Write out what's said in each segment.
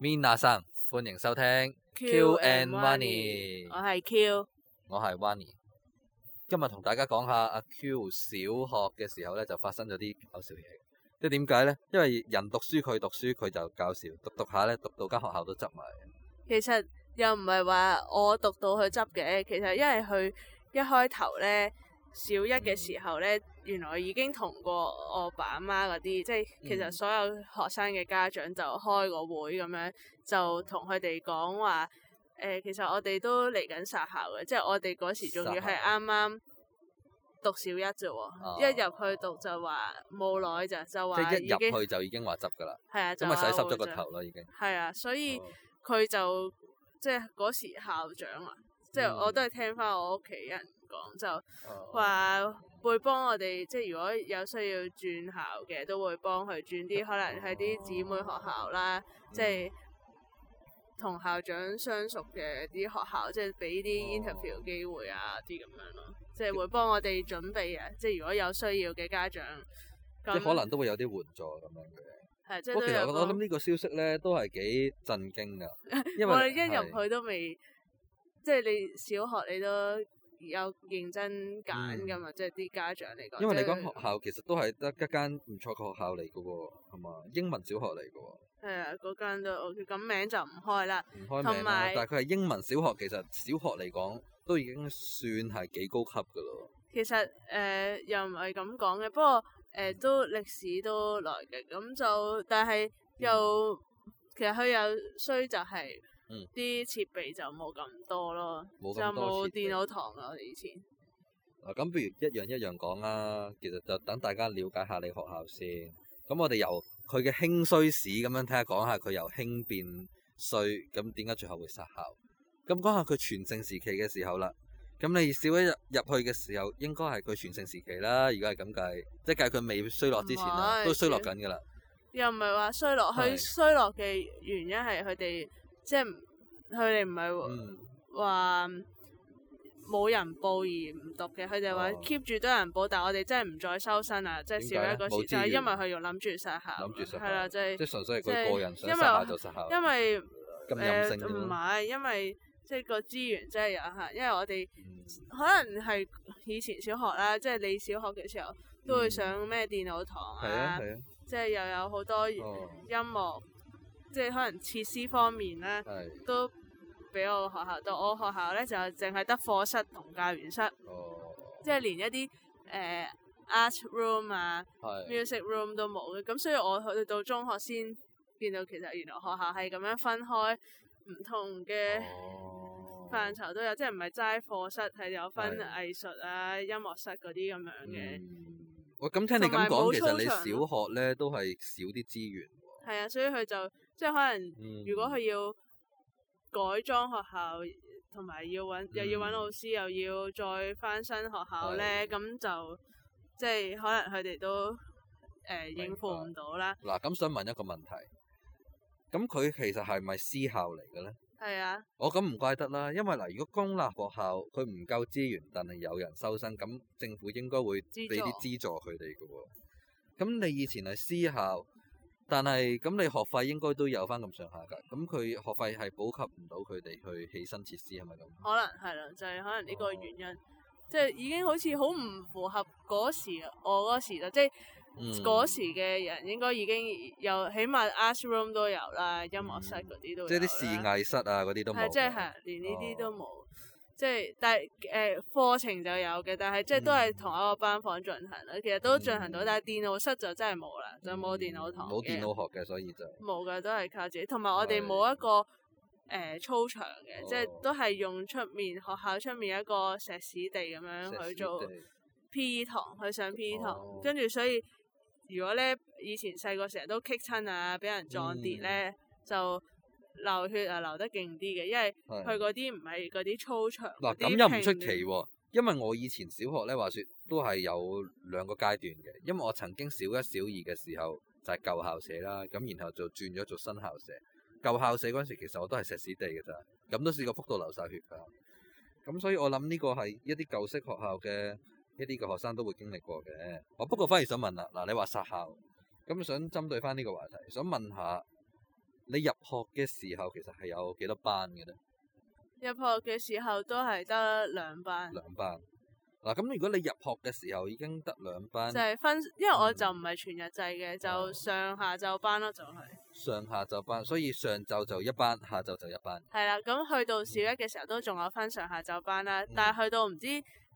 Minna-san, 歡迎收聽。Q, Q and Wanny 我係是 Q，我係 Wanny 今日同大家講下阿 Q 小學嘅時候咧，就發生咗啲搞笑嘢。即係點解咧？因為人讀書佢讀書，佢就搞笑。讀讀下咧，讀到間學校都執埋。其實又唔係話我讀到去執嘅，其實因為佢一開頭咧。小一嘅時候咧，嗯、原來已經同過我阿爸阿媽嗰啲，即係其實所有學生嘅家長就開個會咁樣，就同佢哋講話，誒、欸，其實我哋都嚟緊殺校嘅，即係我哋嗰時仲要係啱啱讀小一啫喎，哦、一入去讀就話冇耐就就話，即係一入去就已經話執噶啦，係啊，咁咪、啊、洗濕咗個頭咯，已經係啊，所以佢就、哦、即係嗰時校長啊，即係我都係聽翻我屋企人。就話會幫我哋，即係如果有需要轉校嘅，都會幫佢轉啲可能係啲姊妹學校啦，嗯、即係同校長相熟嘅啲學校，即係俾啲 interview 機會啊啲咁、哦、樣咯，即係會幫我哋準備嘅。即係如果有需要嘅家長，即可能都會有啲援助咁樣嘅。係，即係其實我諗呢個消息咧都係幾震驚噶，因為我哋一入 去都未，是即係你小學你都。有認真揀㗎嘛？即係啲家長嚟講，因為你講學校其實都係得一間唔錯嘅學校嚟嘅喎，係嘛？英文小學嚟嘅喎。係啊，嗰間就咁名就唔開啦。唔開名啦。有但係佢係英文小學，其實小學嚟講都已經算係幾高級嘅咯。其實誒、呃、又唔係咁講嘅，不過誒、呃、都歷史都來嘅，咁就但係又、嗯、其實佢有衰就係、是。啲設、嗯、備就冇咁多咯，多就冇電腦堂啊。我哋以前啊，咁，不如一樣一樣講啦、啊。其實就等大家了解下你學校先。咁我哋由佢嘅興衰史咁樣睇下，講下佢由興變衰，咁點解最後會殺校？咁講下佢全盛時期嘅時候啦。咁你少一日入去嘅時候，應該係佢全盛時期啦。如果係咁計，即係計佢未衰落之前啦、啊，是都衰落緊噶啦。又唔係話衰落，佢是衰落嘅原因係佢哋。即係佢哋唔係話冇人報而唔讀嘅，佢哋話 keep 住多人報，但係我哋真係唔再收生啊！即係少咗個資源，因為佢要諗住殺校，係啦，即係即係純粹係佢個人想殺校，因為咁任性㗎啦，唔係因為即係個資源真係有限，因為我哋可能係以前小學啦，即係你小學嘅時候都會上咩電腦堂啊，即係又有好多音樂。即係可能設施方面咧，是都比我學校到我學校咧就淨係得課室同教員室，哦、即係連一啲誒、呃、art room 啊、是 music room 都冇嘅。咁所以我去到中學先見到，其實原來學校係咁樣分開唔同嘅範疇都有，哦、即係唔係齋課室，係有分藝術啊、是音樂室嗰啲咁樣嘅。我咁、嗯哦、聽你咁講，有有其實你小學咧都係少啲資源？係啊，所以佢就。即係可能，如果佢要改裝學校，同埋、嗯、要又要揾老師，嗯、又要再翻新學校咧，咁的就即係可能佢哋都誒、呃、白應付唔到啦。嗱，咁想問一個問題，咁佢其實係咪私校嚟嘅咧？係啊的。我咁唔怪得啦，因為嗱，如果公立學校佢唔夠資源，但係有人收生，咁政府應該會俾啲資助佢哋噶。咁助你以前係私校？但係咁，你學費應該都有翻咁上下㗎。咁佢學費係補給唔到佢哋去起身設施係咪咁？是是可能係啦，就係、是、可能呢個原因，哦、即係已經好似好唔符合嗰時我嗰時啦，即係嗰、嗯、時嘅人應該已經有，起碼 art room 都有啦，音樂室嗰啲都、嗯、即係啲視藝室啊嗰啲都冇，即係係連呢啲都冇。哦即係，但係誒、呃、課程就有嘅，但係即係都係同一個班房進行啦。其實都進行到，嗯、但係電腦室就真係冇啦，就冇電腦堂。冇、嗯、電腦學嘅，所以就冇、是、嘅，都係靠自己。同埋我哋冇一個誒、呃、操場嘅，的即係都係用出面學校出面一個石屎地咁樣去做 PE 堂去上 PE 堂。跟住、嗯、所以，如果咧以前細個成日都棘親啊，俾人撞跌咧的就。流血啊，流得勁啲嘅，因為佢嗰啲唔係嗰啲操場。嗱，咁又唔出奇喎、啊，因為我以前小學咧話説都係有兩個階段嘅，因為我曾經小一、小二嘅時候就係、是、舊校舍啦，咁然後就轉咗做新校舍。舊校舍嗰陣時其實我都係石屎地嘅咋，咁都試過幅度流晒血㗎。咁所以我諗呢個係一啲舊式學校嘅一啲嘅學生都會經歷過嘅。我不過反而想問啦，嗱你話殺校，咁想針對翻呢個話題，想問下。你入學嘅時候其實係有幾多班嘅咧？入學嘅時候都係得兩班。兩班，嗱，咁、啊、如果你入學嘅時候已經得兩班，就係分，因為我就唔係全日制嘅，嗯、就上下晝班咯、就係，就係。上下晝班，所以上晝就一班，下晝就一班。係啦，咁去到小一嘅時候都仲有分上下晝班啦，嗯、但係去到唔知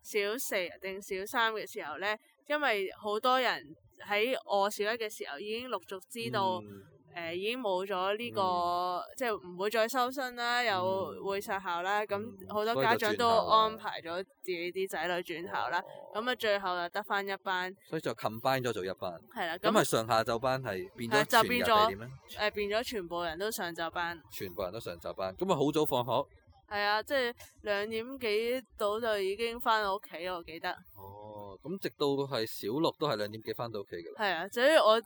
小四定小三嘅時候咧，因為好多人喺我小一嘅時候已經陸續知道、嗯。誒、呃、已經冇咗呢個，嗯、即係唔會再收生啦，又會失效啦。咁好、嗯、多家長都安排咗自己啲仔女轉校啦。咁啊，哦、最後就得翻一班。所以就 combine 咗做一班。係啦。咁啊，上下晝班係變咗全日係點咧？誒，變咗全部人都上晝班。全部人都上晝班。咁啊，好早放學。係啊，即係兩點幾到就已經翻到屋企，我記得。哦，咁直到係小六都係兩點幾翻到屋企㗎。係啊，所以我。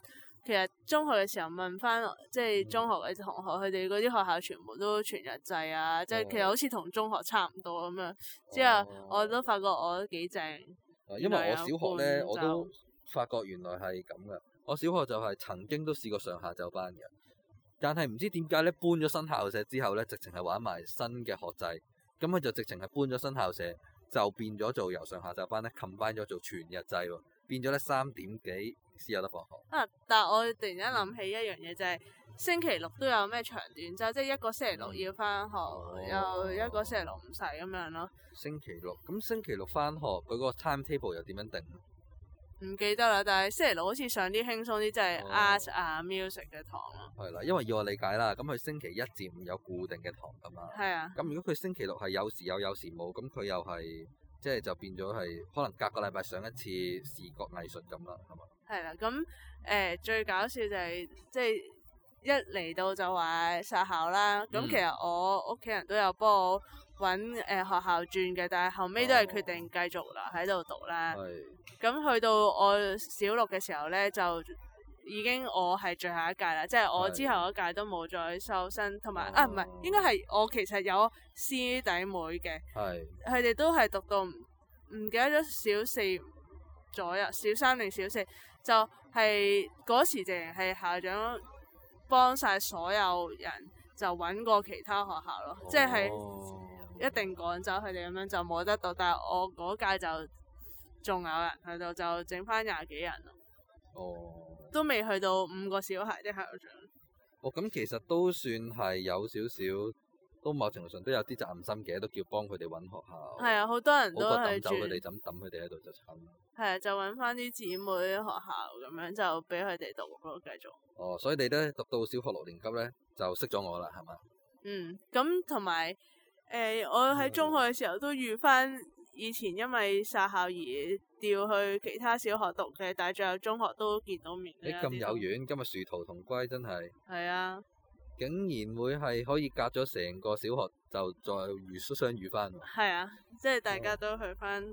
其實中學嘅時候問翻，即係中學嘅同學，佢哋嗰啲學校全部都全日制啊！哦、即係其實好似同中學差唔多咁樣。哦、之後我都發覺我都幾正。因為我小學咧，走我都發覺原來係咁嘅。我小學就係曾經都試過上下晝班嘅，但係唔知點解咧，搬咗新校舍之後咧，直情係玩埋新嘅學制。咁佢就直情係搬咗新校舍，就變咗做由上下晝班咧，冚翻咗做全日制。變咗咧三點幾先有得放學。啊！但係我突然間諗起一樣嘢就係、是、星期六都有咩長短就即、是、係一個星期六要翻學，哦、又一個星期六唔使咁樣咯。星期六，咁星期六翻學佢、那個 time table 又點樣定？唔記得啦，但係星期六好似上啲輕鬆啲，即係 art、哦、啊 music 嘅堂咯。係啦，因為要我理解啦，咁佢星期一至五有固定嘅堂噶嘛。係啊的。咁如果佢星期六係有時有，有時冇，咁佢又係。即係就變咗係，可能隔個禮拜上一次視覺藝術咁啦，係嘛？係啦，咁誒、呃、最搞笑就係即係一嚟到就話殺校啦，咁、嗯、其實我屋企人都有幫我揾誒、呃、學校轉嘅，但係後尾都係決定繼續啦留喺度讀啦。係、哦。咁去到我小六嘅時候咧，就。已經我係最後一屆啦，即係我之後嗰屆都冇再收身。同埋、oh. 啊唔係應該係我其實有師弟妹嘅，佢哋、oh. 都係讀到唔記得咗小四左右，小三定小四就係、是、嗰時，淨係校長幫晒所有人就揾過其他學校咯，oh. 即係一定趕走佢哋咁樣就冇得到，但係我嗰屆就仲有人喺度，就整翻廿幾人。哦，都未去到五個小孩的校長。哦，咁其實都算係有少少，都某程度上都有啲責任心嘅，都叫幫佢哋揾學校。係啊，好多人都係住轉。抌走佢哋，咁抌佢哋喺度就慘啦。係啊，就揾翻啲姊妹學校咁樣就，就俾佢哋讀咯，繼續。哦，所以你咧讀到小學六年級咧，就識咗我啦，係嘛？嗯，咁同埋誒，我喺中學嘅時候都遇翻以前因為殺校而。調去其他小學讀嘅，但係仲有中學都見到面。你咁有緣，今日殊途同歸，真係。係啊。竟然會係可以隔咗成個小學，就再如識相遇翻。係啊，即係大家都去翻，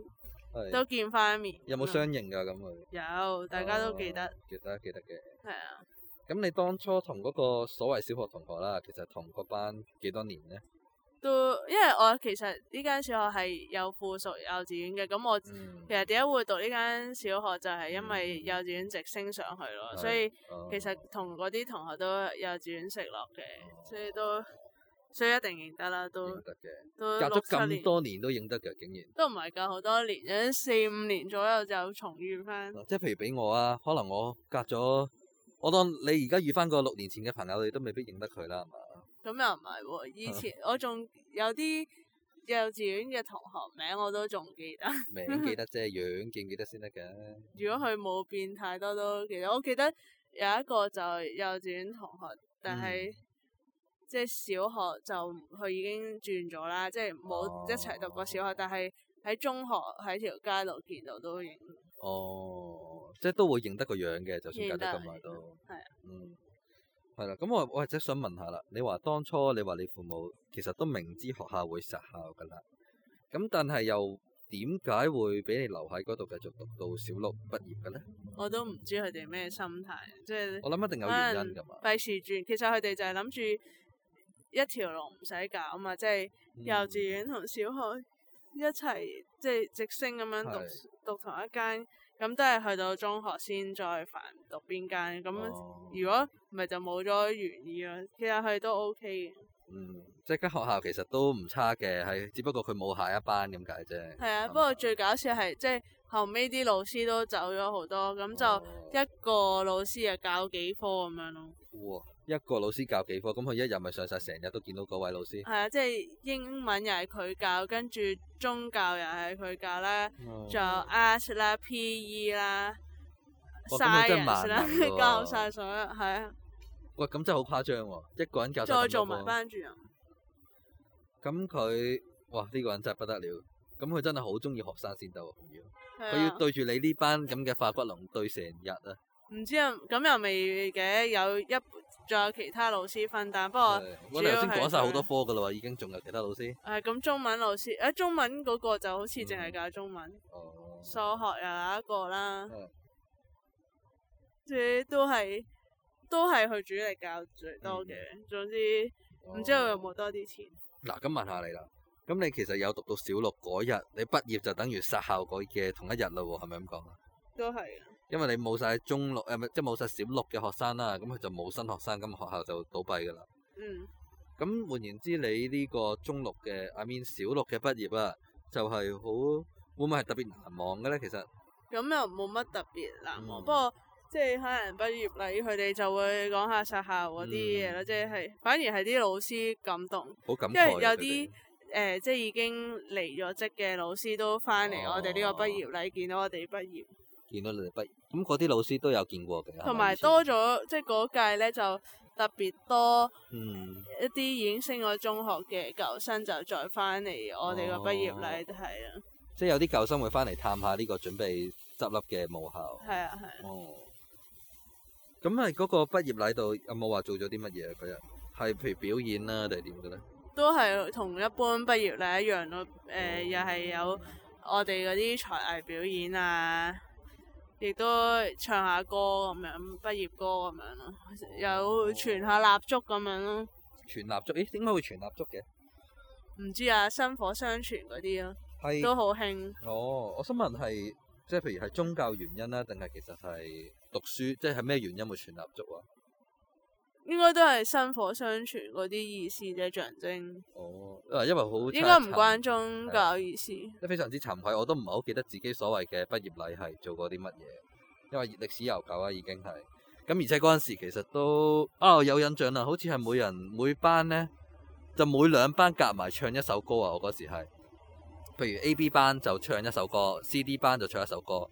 哦、都見翻面。有冇相認噶咁啊？會有，大家都記得，啊、記得記得嘅。係啊。咁你當初同嗰個所謂小學同學啦，其實同個班幾多年呢？都因為我其實呢間小學係有附屬幼稚園嘅，咁我其實點解會讀呢間小學就係因為幼稚園直升上去咯，嗯、所以其實同嗰啲同學都幼稚園識落嘅，嗯、所以都所以一定認得啦，都得都隔咗咁多年都認得嘅，竟然都唔係隔好多年，四五年左右就重遇翻、嗯。即係譬如俾我啊，可能我隔咗，我當你而家遇翻個六年前嘅朋友，你都未必認得佢啦，係嘛？咁又唔係喎，以前我仲有啲幼稚園嘅同學名我都仲記得， 名記得啫，樣記記得先得嘅。 如果佢冇變太多都記得，我記得有一個就幼稚園同學，但係、嗯、即係小學就佢已經轉咗啦，即係冇、哦、一齊讀過小學，但係喺中學喺條街度見到都認。哦，即係都會認得個樣嘅，就算隔得咁耐都係啊，嗯。係啦，咁、嗯、我我或者想問下啦，你話當初你話你父母其實都明知學校會實校噶啦，咁但係又點解會俾你留喺嗰度繼續讀到小六畢業嘅咧？我都唔知佢哋咩心態，即係我諗一定有原因噶嘛。費事轉，其實佢哋就係諗住一條路唔使搞嘛，即、就、係、是、幼稚園同小學一齊，即、就、係、是、直升咁樣讀、嗯、讀,讀同一間，咁、嗯嗯嗯、都係去到中學先再煩讀邊間。咁、哦嗯、如果咪就冇咗原意啊，其實佢都 OK 嘅。嗯，即係間學校其實都唔差嘅，係只不過佢冇下一班咁解啫。係啊，吧不過最搞笑係即係後尾啲老師都走咗好多，咁就一個老師又教幾科咁樣咯。哇、哦！一個老師教幾科，咁佢一日咪上晒成日都見到嗰位老師。係啊，即係英文又係佢教，跟住宗教又係佢教啦，仲、哦、有 Art 啦、PE 啦、哦、Science 啦、哦，教晒所有係啊。喂，咁真係好誇張喎！一個人教，再做埋班主任。咁佢，哇，呢個人真係不得了。咁佢真係好中意學生先得，佢要對住你呢班咁嘅化骨龍對成日啊！唔知啊，咁又未嘅，有一，仲有其他老師分擔，不過我哋頭先講晒好多科噶啦，已經仲有其他老師。誒，咁中文老師，誒，中文嗰個就好似淨係教中文。哦。數學又有一個啦。即都係。都係佢主力教最多嘅，嗯、總之唔知道有冇多啲錢。嗱、哦，咁問下你啦，咁你其實有讀到小六嗰日，你畢業就等於殺校嗰嘅同一日啦，係咪咁講？都係啊。因為你冇晒中六誒，即係冇晒小六嘅學生啦，咁佢就冇新學生，咁、那個、學校就倒閉噶啦。嗯。咁換言之，你呢個中六嘅 I mean 小六嘅畢業啦、啊，就係、是、好會唔會係特別難忘嘅咧？其實。咁又冇乜特別難忘，不過、嗯。即係可能畢業禮，佢哋就會講下實校嗰啲嘢咯。即係反而係啲老師感動，因為有啲誒即係已經離咗職嘅老師都翻嚟我哋呢個畢業禮，見到我哋畢業。見到你哋畢業，咁嗰啲老師都有見過嘅。同埋多咗，即係嗰屆呢就特別多一啲已經升咗中學嘅舊生就再翻嚟我哋個畢業禮，就係啊，即係有啲舊生會翻嚟探下呢個準備執笠嘅母校。係啊係。哦。咁啊，嗰個畢業禮度有冇話做咗啲乜嘢啊？嗰日係譬如表演啦、啊，定係點嘅咧？都係同一般畢業禮一樣咯。誒、呃，嗯、又係有我哋嗰啲才藝表演啊，亦都唱下歌咁、啊、樣，畢業歌咁樣咯，有傳下蠟燭咁樣咯。傳蠟燭？咦，點解會傳蠟燭嘅？唔知啊，薪火相傳嗰啲咯，是都好興。哦，我想問係即係譬如係宗教原因啦、啊，定係其實係？讀書即係咩原因會傳蠟燭啊？應該都係薪火相傳嗰啲意思啫，就係、象徵哦，因為好應該唔關宗教意思。即非常之沉悶，我都唔係好記得自己所謂嘅畢業禮係做過啲乜嘢，因為歷史悠久啊已經係。咁而且嗰陣時其實都啊有印象啦，好似係每人每班呢，就每兩班夾埋唱一首歌啊！我嗰時係，譬如 A B 班就唱一首歌，C D 班就唱一首歌。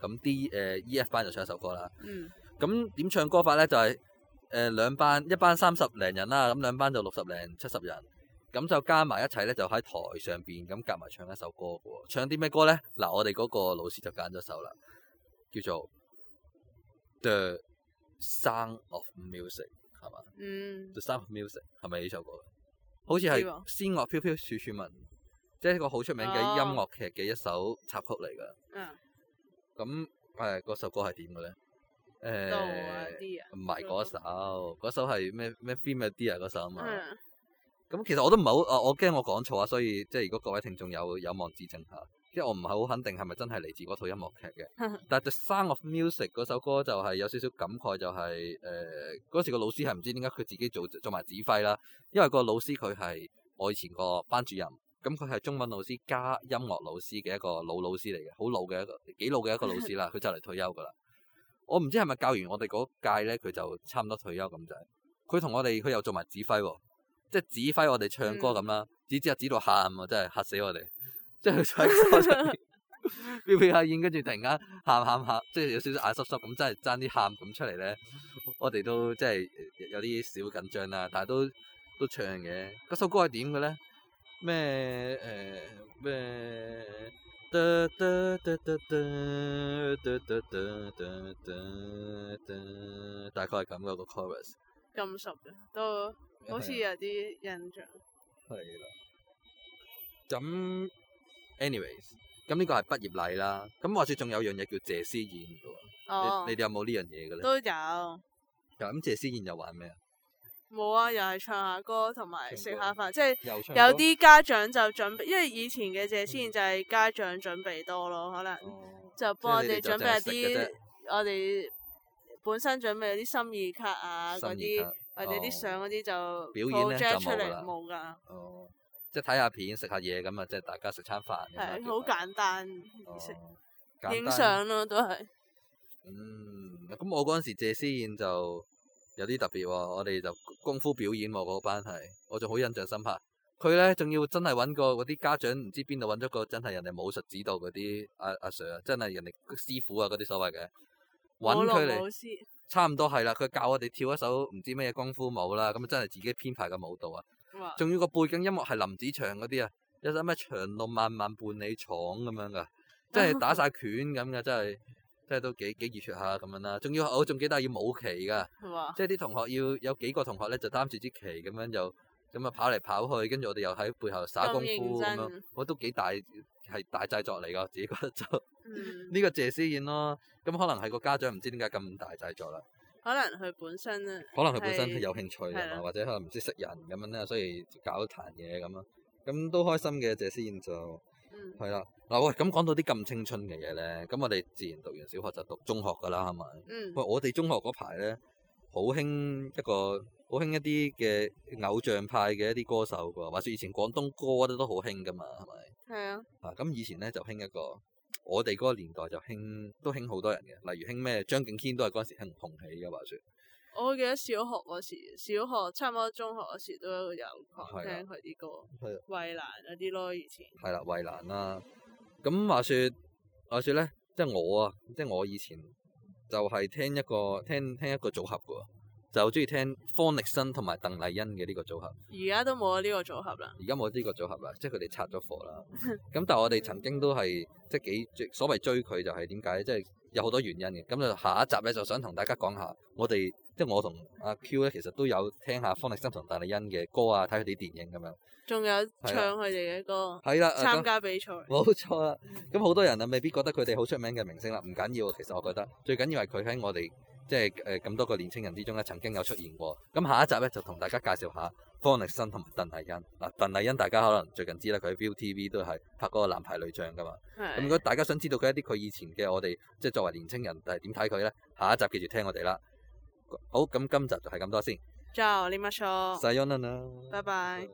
咁 d 誒、uh, E、F 班就唱一首歌啦。嗯。咁點唱歌法咧？就係誒兩班，一班三十零人啦，咁兩班就六十零七十人，咁就加埋一齊咧，就喺台上邊咁夾埋唱一首歌嘅喎。唱啲咩歌咧？嗱，我哋嗰個老師就揀咗首啦，叫做《The Sound of Music》係嘛？嗯。The Sound of Music 係咪呢首歌？好似係《仙樂飄飄處處聞》嗯，即係一個好出名嘅音樂劇嘅一首插曲嚟㗎。嗯。咁誒嗰首歌係點嘅咧？誒、欸，唔係，嗰首，嗰 So 首係咩咩 f e m a of t e Day 嗰首啊嘛。咁 Yeah.、嗯、其實我都唔係好，我驚我講錯啊，所以即係如果各位聽眾有有望指正嚇，即係我唔係好肯定係咪真係嚟自套音樂劇嘅。 但係 The Sound of Music 嗰首歌就係、是、有少少感慨、就是，就係誒時老個老師係唔知點解佢自己做做埋指揮啦，因為個老師佢係我以前個班主任。咁佢係中文老師加音樂老師嘅一個老老師嚟嘅，好老嘅一個，幾老嘅一個老師啦，佢就嚟退休噶啦。我唔知係咪教完我哋嗰屆咧，佢就差唔多退休咁滯。佢同我哋佢又做埋指揮喎、哦，即係指揮我哋唱歌咁啦，嗯、指指下指，指到喊喎，真係嚇死我哋！即係佢在嗰邊飆鼻下煙，跟住 突然間喊喊喊，即係有少少眼濕濕咁，真係爭啲喊咁出嚟咧。 我哋都即係有啲小緊張啦，但係都都唱嘅。嗰首歌係點嘅咧？咩誒咩？噠噠噠噠噠噠噠噠噠噠噠，大概係咁嘅個 chorus。咁熟嘅，都好似有啲印象。係啦。咁，anyways，咁呢個係畢業禮啦。咁話說，仲有樣嘢叫謝師宴嘅。哦。你哋有冇呢樣嘢嘅咧？都有。咁謝師宴又玩咩啊？冇啊，又係唱下歌同埋食下飯，即係有啲家長就準備，因為以前嘅謝師宴就係家長準備多咯，可能就幫我哋準備啲我哋本身準備啲心意卡啊嗰啲，或者啲相嗰啲就表演出嚟。冇噶，哦，即係睇下片食下嘢咁啊，即係大家食餐飯，係好簡單，影相咯都係，嗯，咁我嗰陣時謝師宴就。有啲特別喎、啊，我哋就功夫表演喎、啊，嗰班係，我仲好印象深刻。佢咧仲要真係搵個嗰啲家長，唔知邊度搵咗個真係人哋武術指導嗰啲阿阿 sir 啊，啊 sir, 真係人哋師傅啊嗰啲所謂嘅，搵佢嚟，差唔多係啦。佢教我哋跳一首唔知咩功夫舞啦，咁真係自己編排嘅舞蹈啊，仲要個背景音樂係林子祥嗰啲啊，有首咩長路漫漫伴你闖咁樣㗎，真係打晒拳咁嘅，真係。哇即係都幾幾熱血下咁樣啦，仲要我仲記得係要舞旗噶，即係啲同學要有幾個同學咧就擔住支旗咁樣就咁啊跑嚟跑去，跟住我哋又喺背後耍功夫咁樣，都我都幾大係大製作嚟噶，自己覺得就呢、嗯、個謝師宴咯，咁可能係個家長唔知點解咁大製作啦，可能佢本身啊，可能佢本身係有興趣啊的，或者可能唔識識人咁樣啦，所以搞壇嘢咁啊，咁都開心嘅謝師宴就。係啦，嗱喂、嗯，咁講、嗯、到啲咁青春嘅嘢咧，咁我哋自然讀完小學就讀中學噶啦，係咪？嗯。喂，我哋中學嗰排咧，好興一個，好興一啲嘅偶像派嘅一啲歌手噶，話說以前廣東歌都都好興噶嘛，係咪？係啊。啊，咁以前咧就興一個，我哋嗰個年代就興都興好多人嘅，例如興咩張敬軒都係嗰陣時興紅起嘅話說。我記得小學嗰時，小學差唔多中學嗰時都有聽聽、啊、聽佢啲歌，衞蘭嗰啲咯，以前係啦，衞蘭啦。咁、啊、話説話説咧，即係我啊，即係我以前就係聽一個聽聽一個組合嘅，就中意聽方力申同埋鄧麗欣嘅呢個組合。而家都冇咗呢個組合啦。而家冇咗呢個組合啦，即係佢哋拆咗夥啦。咁 但係我哋曾經都係即係幾所謂追佢就係點解？即係、就是、有好多原因嘅。咁就下一集咧，就想同大家講下我哋。即係我同阿 Q 咧，其實都有聽下方力申同鄧麗欣嘅歌啊，睇佢哋啲電影咁樣，仲有唱佢哋嘅歌，係啦的，參加比賽，冇 錯啦、啊。咁好多人啊，未必覺得佢哋好出名嘅明星啦，唔緊要。其實我覺得最緊要係佢喺我哋即係誒咁多個年青人之中咧，曾經有出現過。咁下一集咧就同大家介紹下方力申同埋鄧麗欣嗱。鄧麗欣大家可能最近知啦，佢喺 ViuTV 都係拍嗰個男排女將噶嘛。咁的如果大家想知道佢一啲佢以前嘅我哋即係作為年青人但係點睇佢咧，下一集繼續聽我哋啦。好，咁今集就係咁多先。就呢，馬叔。拜拜。